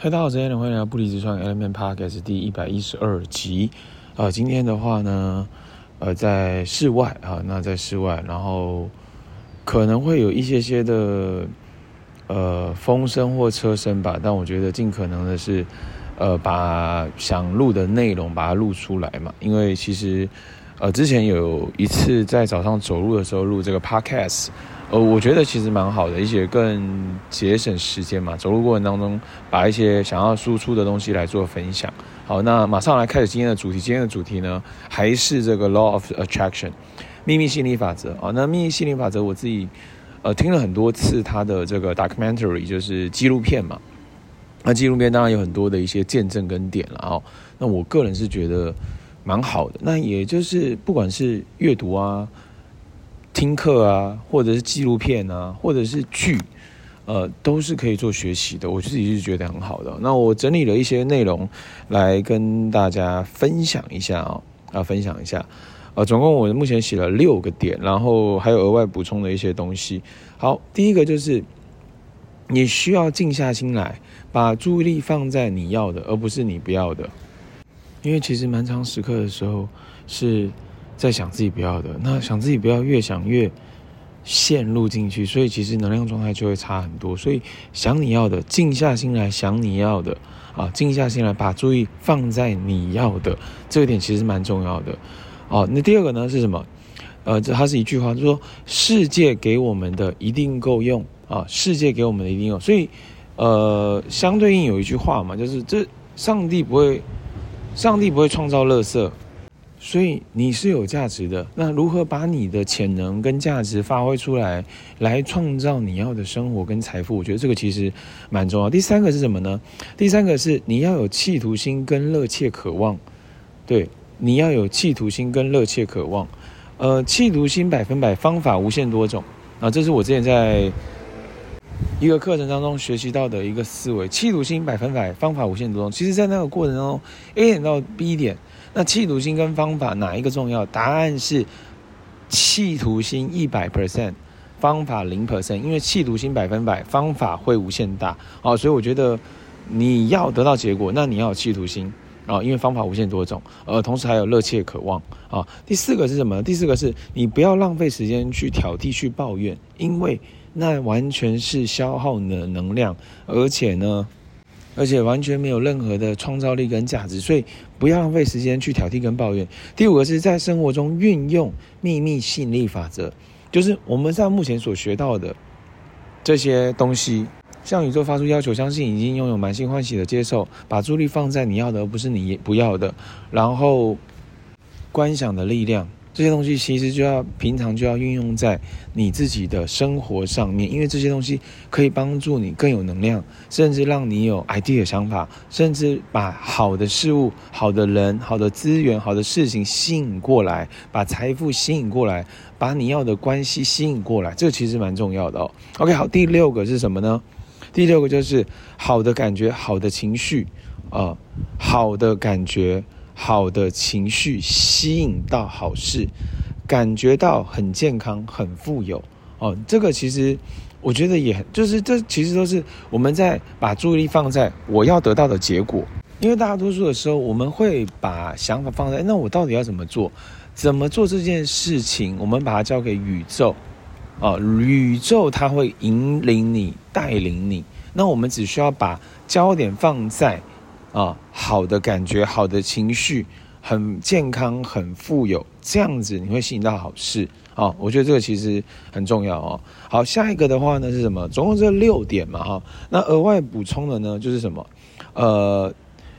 嗨，大家好，歡迎來到不離職創業 Element Podcast 第一百一十二集。啊、呃，今天的話呢，呃，在室外啊，那在室外，然後可能會有一些些的呃風聲或車聲吧，但我覺得盡可能的是，呃，把想錄的內容把它錄出來嘛，因為其實呃，之前有一次在早上走路的時候錄這個 podcast。呃，我覺得其實蠻好的，一些更節省時間嘛。走路過程當中，把一些想要輸出的東西來做分享。好，那馬上來開始今天的主題。今天的主題呢，還是這個 Law of Attraction，秘密心理法則啊。好，那秘密心理法則，我自己呃聽了很多次他的這個 documentary，就是紀錄片嘛。那紀錄片當然有很多的一些見證跟點了。好，那我個人是覺得蠻好的。那也就是不管是閱讀啊。聽課啊，或者是紀錄片啊，或者是劇，呃，都是可以做學習的。我自己是覺得很好的。那我整理了一些內容來跟大家分享一下啊、哦、啊、呃，分享一下。呃，總共我目前寫了六個點，然後還有額外補充的一些東西。好，第一個就是你需要靜下心來，把注意力放在你要的，而不是你不要的，因為其實蠻長時刻的時候是。在想自己不要的，那想自己不要越想越陷入進去，所以其實能量狀態就會差很多。所以想你要的，靜下心來想你要的啊，靜下心來把注意放在你要的這一點，其實蠻重要的哦、啊。那第二個呢是什麼？呃，這它是一句話，就是、說世界給我們的一定夠用啊，世界給我們的一定有。所以呃，相對應有一句話嘛，就是這上帝不會，上帝不會創造垃圾。所以你是有價值的。那如何把你的潛能跟價值發揮出來，來創造你要的生活跟財富？我覺得這個其實蠻重要。第三個是什麼呢？第三個是你要有企圖心跟熱切渴望。對，你要有企圖心跟熱切渴望。呃，企圖心百分百，方法無限多種。啊，這是我之前在一個課程當中學習到的一個思維。企圖心百分百，方法無限多種。其實在那個過程當中，A 點到 B 點。那企圖心跟方法哪一個重要？答案是，企圖心一百 percent，方法零 percent。因為企圖心百分百，方法會無限大哦。所以我覺得，你要得到結果，那你要有企圖心，然、哦、因為方法無限多種，呃，同時還有熱切渴望啊、哦。第四個是什麼？第四個是你不要浪費時間去挑剔、去抱怨，因為那完全是消耗你的能量，而且呢，而且完全沒有任何的創造力跟價值，所以。不要浪費時間去挑剔跟抱怨。第五個是在生活中運用秘密吸引力法則，就是我們在目前所學到的這些東西，向宇宙發出要求，相信已經擁有，滿心歡喜的接受，把注意力放在你要的，而不是你不要的。然後，觀想的力量。這些東西其實就要平常就要運用在你自己的生活上面，因為這些東西可以幫助你更有能量，甚至讓你有 idea 的想法，甚至把好的事物、好的人、好的資源、好的事情吸引過來，把財富吸引過來，把你要的關係吸引過來，這其實蠻重要的哦。OK，好，第六個是什麼呢？第六個就是好的感覺、好的情緒，啊、呃，好的感覺。好的情緒吸引到好事，感覺到很健康、很富有。哦，這個其實我覺得也很，就是這其實都是我們在把注意力放在我要得到的結果。因為大多數的時候，我們會把想法放在，那我到底要怎麼做？怎麼做這件事情？我們把它交給宇宙，哦，宇宙它會引領你、帶領你。那我們只需要把焦點放在。啊、哦，好的感覺，好的情緒，很健康，很富有，這樣子你會吸引到好事啊、哦！我覺得這個其實很重要哦。好，下一個的話呢是什麼？總共這六點嘛，哈、哦。那額外補充的呢就是什麼？呃，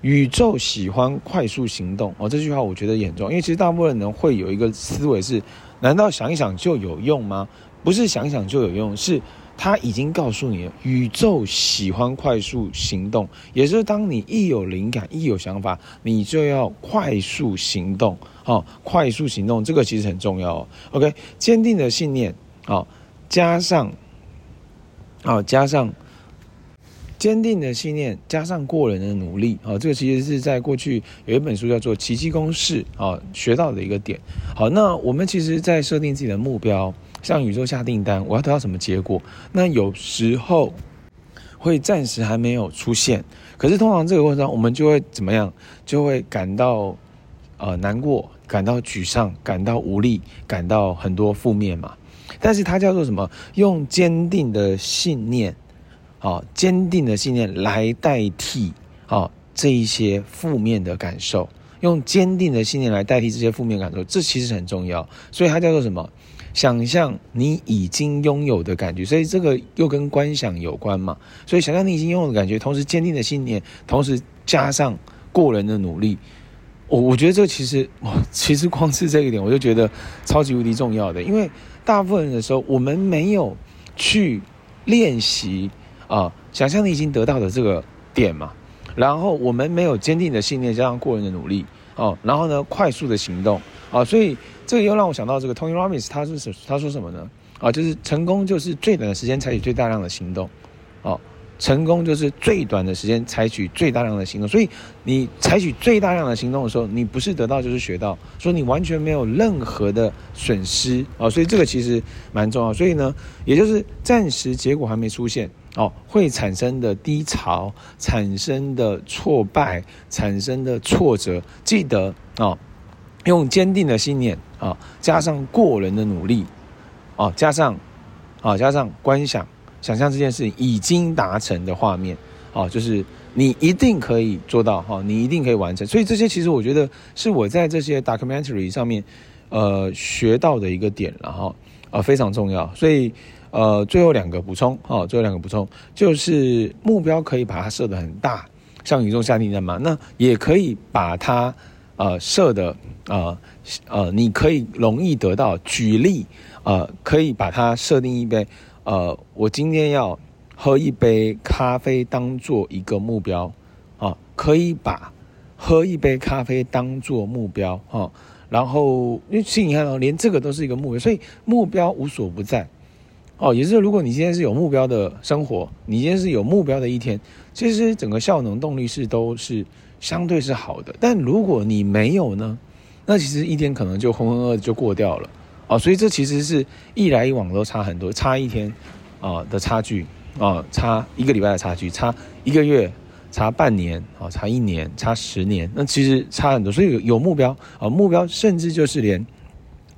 宇宙喜歡快速行動哦。這句話我覺得也很重要，因為其實大部分人會有一個思維是：難道想一想就有用嗎？不是想想就有用，是。他已經告訴你了，宇宙喜歡快速行動，也就是當你一有靈感、一有想法，你就要快速行動，好、哦，快速行動這個其實很重要、哦。OK，堅定的信念，好、哦，加上，好、哦，加上堅定的信念，加上過人的努力，哦，這個其實是在過去有一本書叫做《奇跡公式》啊、哦、學到的一個點。好，那我們其實，在設定自己的目標。向宇宙下訂單，我要得到什麼結果？那有時候會暫時還沒有出現，可是通常這個過程，我們就會怎麼樣？就會感到呃難過，感到沮喪，感到無力，感到很多負面嘛。但是它叫做什麼？用堅定的信念，啊，堅定的信念來代替啊這一些負面的感受，用堅定的信念來代替這些負面的感受，這其實很重要。所以它叫做什麼？想象你已經擁有的感覺，所以這個又跟觀想有關嘛。所以想象你已經擁有的感覺，同時堅定的信念，同時加上過人的努力。我我覺得這其實，其實光是這一點我就覺得超級無敵重要的。因為大部分人的時候，我們沒有去練習啊，想象你已經得到的這個點嘛。然後我們沒有堅定的信念，加上過人的努力哦、呃，然後呢，快速的行動。啊，所以這個又讓我想到這個 Tony Robbins 他是什，他說什麼呢？啊，就是成功就是最短的時間採取最大量的行動，哦，成功就是最短的時間採取最大量的行動。所以你採取最大量的行動的時候，你不是得到就是學到，說你完全沒有任何的損失啊。所以這個其實蠻重要。所以呢，也就是暫時結果還沒出現哦，會產生的低潮，產生的挫敗，產生的挫折，記得啊。用堅定的信念啊，加上過人的努力，啊，加上，啊，加上觀想，想象這件事已經達成的畫面，啊，就是你一定可以做到哈，你一定可以完成。所以這些其實我覺得是我在這些 documentary 上面，呃，學到的一個點了哈，呃，啊非常重要。所以呃，最後兩個補充哈，最後兩個補充就是目標可以把它設得很大，像宇宙下地站嘛，那也可以把它。呃，設的，呃，呃，你可以容易得到。舉例，呃，可以把它設定一杯，呃，我今天要喝一杯咖啡當做一個目標，啊，可以把喝一杯咖啡當作目標，啊，然後因為你看哦，連這個都是一個目標，所以目標無所不在。哦，也就是，如果你今天是有目標的生活，你今天是有目標的一天，其實整個效能動力是都是相對是好的。但如果你沒有呢，那其實一天可能就渾渾噩噩就過掉了。哦，所以這其實是一來一往都差很多，差一天，啊、哦、的差距，啊、哦、差一個禮拜的差距，差一個月，差半年，啊、哦、差一年，差十年，那其實差很多。所以有目標，啊、哦、目標，甚至就是連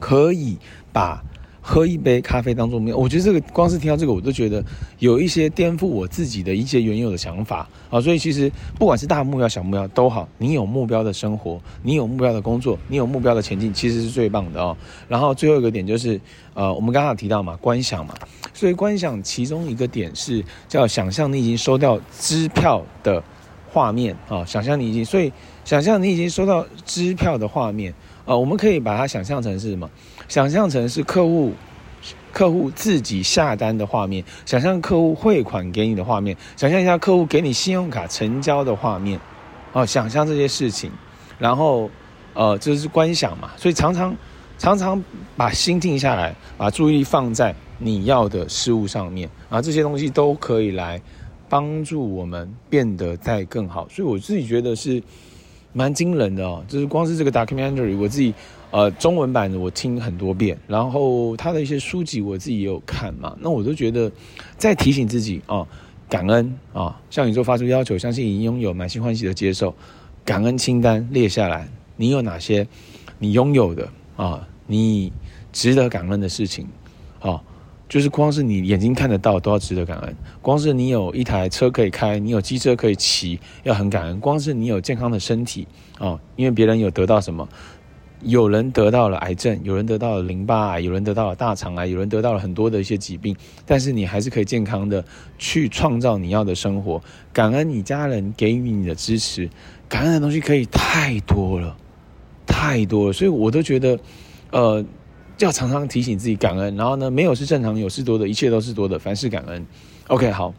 可以把。喝一杯咖啡當作沒有，我覺得這個光是聽到這個，我都覺得有一些顛覆我自己的一些原有的想法啊。所以其實不管是大目標、小目標都好，你有目標的生活，你有目標的工作，你有目標的前進，其實是最棒的哦、喔。然後最後一個點就是，呃，我們剛剛有提到嘛，觀想嘛，所以觀想其中一個點是叫想象你已經收到支票的畫面啊，想象你已經，所以想象你已經收到支票的畫面啊，我們可以把它想象成是什麼？想象成是客戶，客戶自己下單的畫面；想象客戶匯款給你的畫面；想象一下客戶給你信用卡成交的畫面，哦，想象這些事情，然後，呃，就是觀想嘛。所以常常，常常把心靜下來，把注意力放在你要的事物上面啊，這些東西都可以來幫助我們變得再更好。所以我自己覺得是蠻驚人的哦，就是光是這個 documentary 我自己。呃，中文版的我聽很多遍，然後他的一些書籍我自己也有看嘛，那我都覺得在提醒自己啊、哦，感恩啊、哦，向宇宙發出要求，相信已經擁有，滿心歡喜的接受，感恩清單列下來，你有哪些你擁有的啊、哦，你值得感恩的事情，啊、哦，就是光是你眼睛看得到，都要值得感恩，光是你有一台車可以開，你有機車可以騎，要很感恩，光是你有健康的身體啊、哦，因為別人有得到什麼。有人得到了癌症，有人得到了淋巴癌，有人得到了大腸癌，有人得到了很多的一些疾病，但是你還是可以健康的去創造你要的生活，感恩你家人給予你的支持，感恩的東西可以太多了，太多了，所以我都覺得，呃，要常常提醒自己感恩，然後呢，沒有是正常，有是多的，一切都是多的，凡事感恩。OK，好。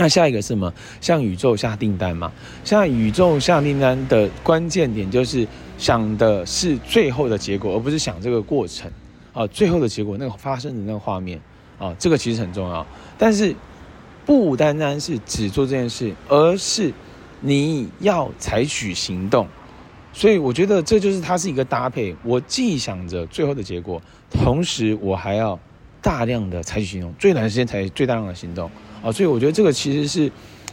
那下一個是什麼？向宇宙下訂單嘛？向宇宙下訂單的關鍵點就是想的是最後的結果，而不是想這個過程。啊，最後的結果那個發生的那個畫面啊，這個其實很重要。但是不單單是只做這件事，而是你要採取行動。所以我覺得這就是它是一個搭配。我既想着最後的結果，同時我還要大量的採取行動，最短時間採取最大量的行動。啊、哦，所以我覺得這個其實是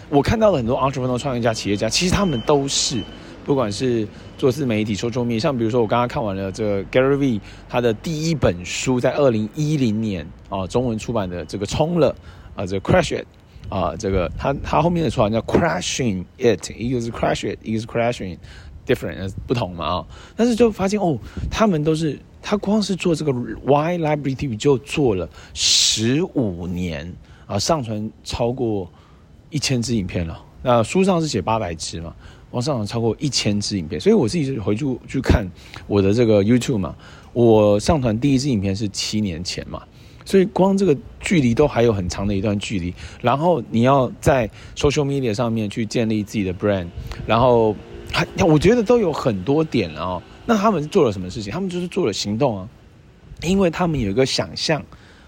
我看到了很多 entrepreneurial 創業家、企業家，其實他們都是，不管是做自媒體、說桌面，像比如說我剛剛看完了這 Gary Vee，他的第一本書在二零一零年啊、哦，中文出版的這個衝了啊，這個、Crush It 啊，這個他他後面的出版叫 Crushing It，一個是 Crush It 一個是 Crushing crash crash crash different 不同嘛啊、哦，但是就發現哦，他們都是他光是做這個 Y Library TV 就做了十五年。啊，上傳超過一千支影片了。那書上是寫八百支嘛？我上傳超過一千支影片，所以我自己回去去看我的這個 YouTube 嘛。我上傳第一支影片是七年前嘛，所以光這個距離都還有很長的一段距離。然後你要在 Social Media 上面去建立自己的 Brand，然後還，我覺得都有很多點啊喔。那他們做了什麼事情？他們就是做了行動啊，因為他們有一個想象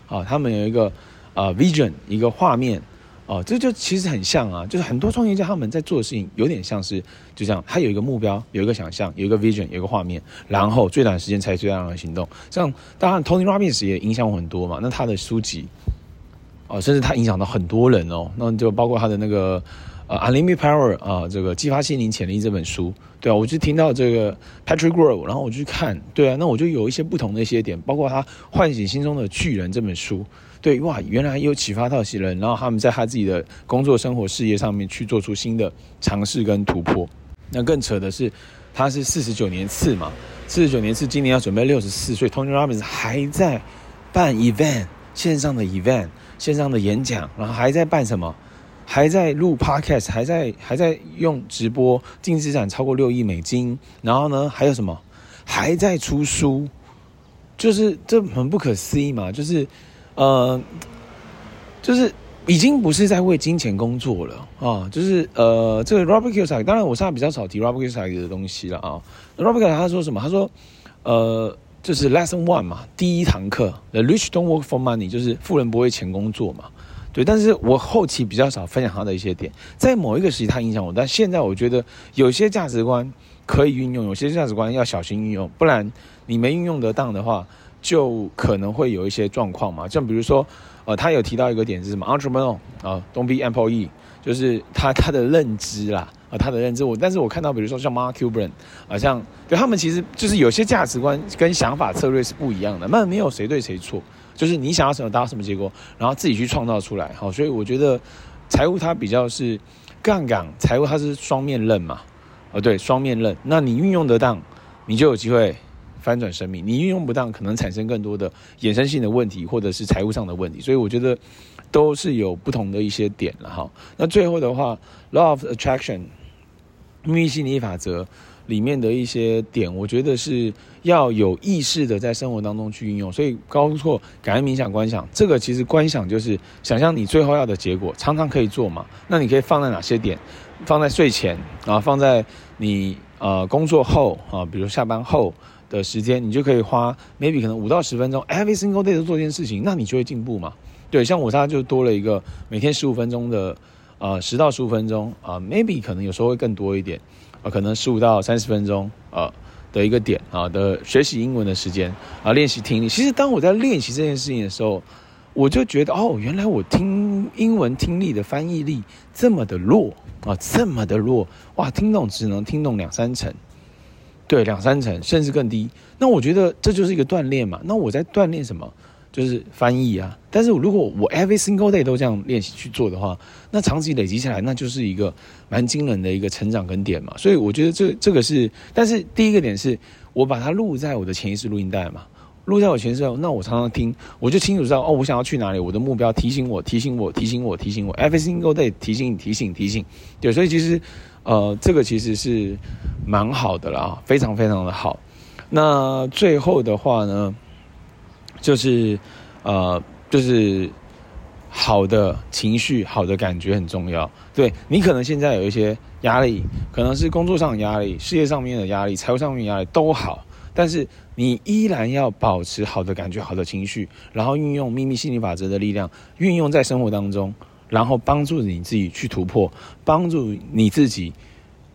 啊，他們有一個。啊、呃、vision 一個畫面，哦、呃，這就其實很像啊，就是很多創業家他們在做的事情有點像是就像他有一個目標，有一個想象，有一個 vision，有一個畫面，然後最短時間才最大量的行動。這樣當然，Tony Robbins 也影響我很多嘛，那他的書籍，哦、呃，甚至他影響到很多人哦，那就包括他的那個。啊 Unlimited Power 啊、uh，這個激發心靈潛力這本書，對啊，我就聽到這個 Patrick Grove 然後我就去看，對啊，那我就有一些不同的一些點，包括他喚醒心中的巨人這本書，對，哇，原來有啟發到一些人，然後他們在他自己的工作、生活、事業上面去做出新的嘗試跟突破。那更扯的是，他是四十九年次嘛，四十九年次，今年要準備六十四歲，Tony Robbins 還在辦 event 線上的 event 線上的演講，然後還在辦什麼？還在錄 podcast，還在還在用直播，淨資產超過六億美金。然後呢，還有什麼？還在出書，就是這很不可思議嘛。就是，呃，就是已經不是在為金錢工作了啊。就是呃，這個 Robert Kiyosaki，當然我現在比較少提 Robert Kiyosaki 的東西了啊。Robert Kiyosaki 他說什麼？他說，呃，就是 lesson one 嘛，第一堂課，the rich don't work for money，就是富人不會錢工作嘛。對，但是我後期比較少分享他的一些點，在某一個時期他影響我，但現在我覺得有些價值觀可以運用，有些價值觀要小心運用，不然你沒運用得當的話，就可能會有一些狀況嘛，像比如說，呃，他有提到一個點是什麼，Entrepreneur 啊，呃，Don't be employee。就是他他的認知啦啊，他的認知我，但是我看到比如說像 Mark Cuban，好像對他們其實就是有些價值觀跟想法策略是不一樣的，那沒有誰對誰錯，就是你想要什麼達到什麼結果，然後自己去創造出來，好，所以我覺得財務它比較是槓桿，財務它是雙面刃嘛，哦對，雙面刃，那你運用得當，你就有機會翻轉生命，你運用不當，可能產生更多的衍生性的問題或者是財務上的問題，所以我覺得。都是有不同的一些點了哈。那最後的話，《Law of Attraction》、《吸引力法則》裡面的一些點，我覺得是要有意識的在生活當中去運用。所以高錯，感恩冥想觀想，這個其實觀想就是想象你最後要的結果，常常可以做嘛。那你可以放在哪些點？放在睡前，然後放在你呃工作後啊、呃，比如下班後的時間，你就可以花 maybe 可能五到十分鐘，every single day 都做一件事情，那你就會進步嘛。對，像我他就多了一個每天十五分鐘的，呃，十到十五分鐘啊、呃、，maybe 可能有時候會更多一點，啊、呃，可能十五到三十分鐘啊、呃、的一個點啊、呃、的學習英文的時間啊、呃，練習聽力。其實當我在練習這件事情的時候，我就覺得哦，原來我聽英文聽力的翻譯力這麼的弱啊、呃，這麼的弱哇，聽懂只能聽懂兩三成，對，兩三成，甚至更低。那我覺得這就是一個鍛鍊嘛。那我在鍛鍊什麼？就是翻譯啊，但是如果我 every single day 都這樣練習去做的話，那長期累積下來，那就是一個蠻驚人的一個成長跟點嘛。所以我覺得這這個是，但是第一個點是我把它錄在我的潛意識錄音帶嘛，錄在我潛意識，那我常常聽，我就清楚知道哦，我想要去哪裡，我的目標提醒我，提醒我，提醒我，提醒我，every single day 提醒你，提醒，提醒。對，所以其實，呃，這個其實是蠻好的啦，非常非常的好。那最後的話呢？就是，呃，就是好的情緒、好的感覺很重要。對，你可能現在有一些壓力，可能是工作上的壓力、事業上面的壓力、財務上面的壓力都好，但是你依然要保持好的感覺、好的情緒，然後運用秘密心理法則的力量，運用在生活當中，然後幫助你自己去突破，幫助你自己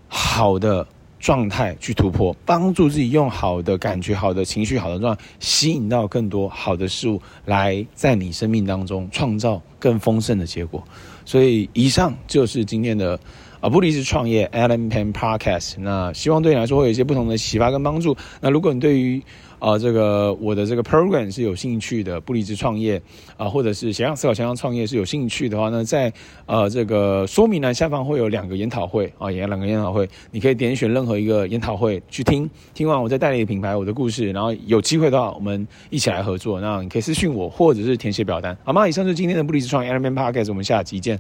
好的狀態去突破，幫助自己用好的感覺、好的情緒、好的狀態，吸引到更多好的事物來，在你生命當中創造更豐盛的結果。所以，以上就是今天的。啊，不離職創業，Allen Peng Podcast。那希望對你來說會有一些不同的啟發跟幫助。那如果你對於呃這個我的這個 program 是有興趣的，不離職創業啊、呃，或者是想要思考、想要創業是有興趣的話，那在呃這個說明欄下方會有兩個研討會啊，也有兩個研討會，你可以點選任何一個研討會去聽。聽完我再帶你的品牌我的故事，然後有機會的話，我們一起來合作。那你可以私訊我，或者是填寫表單，好嗎？以上是今天的不離職創，Allen Peng Podcast。我們下集見。